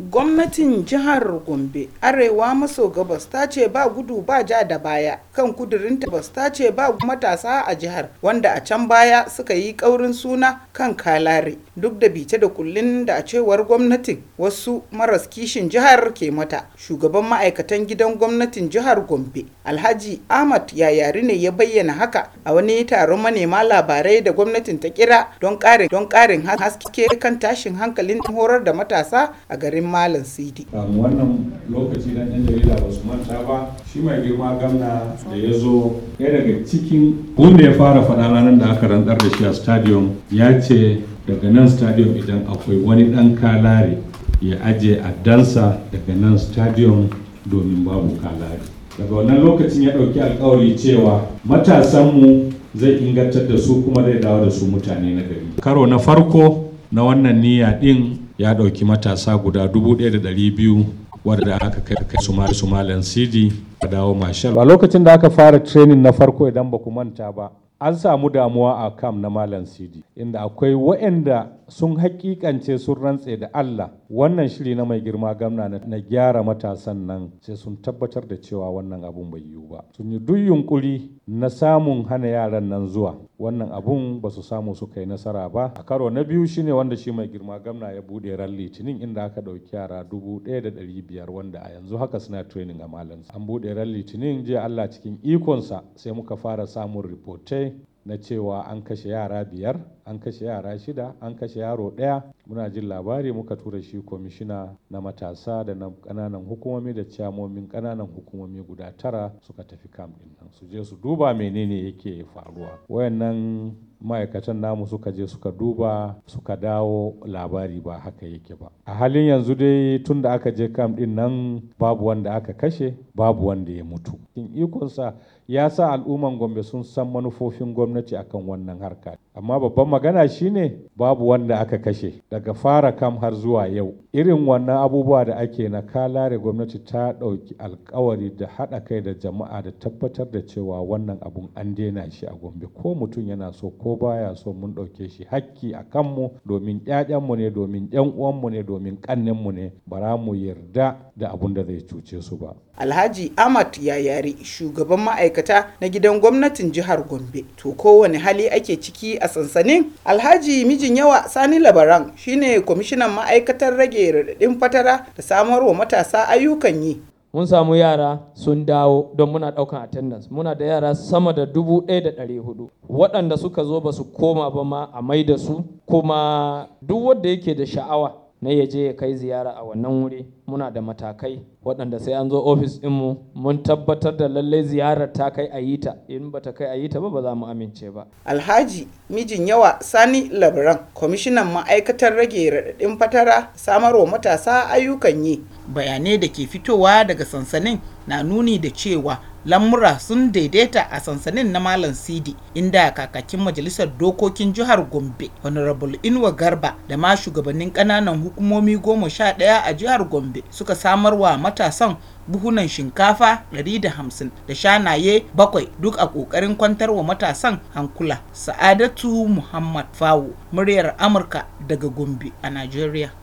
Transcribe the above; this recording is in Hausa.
Gwamnatin Jihar Gombe Arewa maso gabas ta ce ba gudu ba ja da baya kan kudurin tabas ta ce ba matasa a jihar wanda a can baya suka yi kaurin suna kan kalare duk da bice da kullun da a cewar gwamnatin wasu maras kishin jihar ke mata. Shugaban ma'aikatan gidan gwamnatin jihar Gombe Alhaji Ahmad Yayari ne ya bayyana haka a wani taron manema labarai da gwamnatin ta kira don ƙarin haske kan tashin hankalin horar da matasa a garin malam sidi um, wannan lokaci na yan jarida ba su manta ba shi mai girma gamna da ya zo ɗaya daga cikin wanda ya fara faɗa ranar da aka rantsar da shi a stadium ya ce daga nan stadium idan akwai wani ɗan kalare ya aje dansa daga nan stadium domin babu kalare daga wannan lokacin ya ɗauki alkawari cewa matasanmu zai ingantar da su kuma zai dawo da su mutane na gari karo na farko na wannan niyya ɗin ya ɗauki matasa guda 1,200 wadda aka kai su somalian cd a dawo marshal a lokacin da aka fara training na farko idan ba ku manta ba an samu damuwa a kam na malam cd inda akwai waɗanda sun hakikance sun rantse da allah wannan shiri na mai girma gamna na gyara matasan nan sai sun tabbatar da cewa wannan abun bai yiwu ba sun yi duk yunkuri na samun hana yaran nan zuwa wannan abun ba su samu su yi nasara ba a karo na biyu shine wanda shi mai girma gamna ya bude ran litinin inda aka ɗauki yara dubu ɗaya da ɗari biyar wanda a yanzu haka suna training a malam an bude ran litinin jiya allah cikin ikonsa sai muka fara samun ripotai na cewa an kashe yara biyar an kashe yara shida an kashe yaro ɗaya Muna jin labari muka tura shi kwamishina na matasa da na kananan hukumomi da camomin kananan hukumomi guda tara suka tafi kam din nan su je su duba menene yake faruwa. Wayannan ma'aikatan namu suka je suka duba suka dawo labari ba haka yake ba. A halin yanzu dai tun da aka je kam din nan babu wanda aka kashe babu wanda ya mutu. In ikonsa ya sa al'umman Gombe sun san manufofin gwamnati akan wannan harka. Amma babban magana shine babu wanda aka kashe. daga fara kam har zuwa yau. Irin wannan abubuwa da ake na ka gwamnati ta ɗauki alkawari da haɗa kai da jama'a da tabbatar da cewa wannan abun an daina shi a Gombe ko mutum yana so ko baya so mun ɗauke shi hakki a kanmu domin mu ne domin ‘yan uwanmu ne domin mu ne bara mu yarda da abun da zai cuce su ba. Alhaji Ahmad Yayari shugaban ma'aikata na gidan gwamnatin jihar Gombe to kowane hali ake ciki a sansanin Alhaji mijin yawa Sani Labaran shine kwamishinan ma'aikatar rage raɗaɗin fatara da samar wa matasa ayyukan yi mun samu yara sun dawo don muna ɗaukan attendance muna da yara sama da dubu ɗaya da ɗari hudu waɗanda suka zo ba su koma ba ma a mai da su kuma duk wanda yake da sha'awa na ya je ya kai ziyara a wannan wuri muna da matakai waɗanda sai an zo ofis mu. mun tabbatar da lallai ziyarar ta kai a yi ta in ba ta kai a yi ta ba ba za mu amince ba. Alhaji mijin yawa Sani Labaran, kwamishinan ma'aikatar rage raɗaɗin fatara samarwa matasa ayyukan yi. Bayanai da ke fitowa daga sansanin na nuni da cewa lamura sun daidaita a sansanin na malam sidi inda kakakin majalisar dokokin jihar gombe honorable inwa garba da ma shugabannin ƙananan hukumomi goma sha ɗaya a jihar gombe suka samar wa matasan buhunan shinkafa 150 da shanaye bakwai duk a ƙoƙarin kwantar wa matasan hankula sa'adatu muhammad fawo muryar amurka daga gombe a nigeria